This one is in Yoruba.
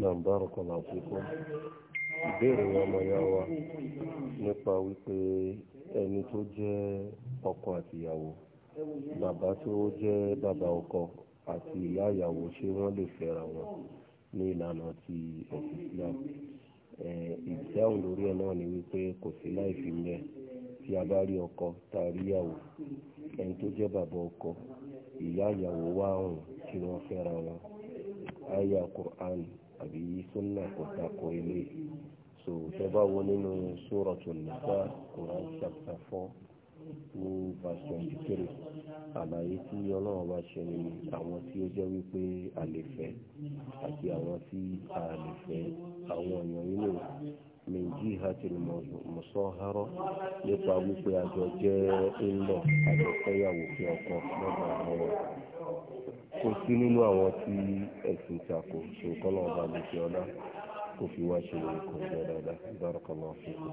náà bárùkù náà fi kú ìbéèrè ọmọ ya wa nípa wípé ẹni tó jẹ́ ọkọ àtìyàwó bàbá tó jẹ́ bàbá ọkọ àti ìyá ìyàwó ṣé wọ́n lè fẹ́ra wọn ní ìlànà ti ẹ̀sìn Islam ìdáhùn lórí ẹ̀ náà ni wípé kò sí láì fi mẹ́ tí a bá rí ọkọ tá a rí ìyàwó ẹni tó jẹ́ bàbá ọkọ ìyá ìyàwó wá hàn kí wọ́n fẹ́ra wọn àyà Qur'an àbí sunna kò tako ilé so tẹ bá wo nínú Suratul Nisa Quran chapter four ní verse twenty three àlàyé tí ọlọ́run bá ṣe ni àwọn tí ó jẹ́ wípé a àti àwọn tí a àwọn èèyàn nínú min jihati nípa wípé àjọ jẹ́ ńlọ sí nínú àwọn tí ẹ̀sìn tako nǹkan náà bá lè ṣe ọlá kò fi wá ṣe nǹkan jẹ́ dáadáa bárakà máa fi kù.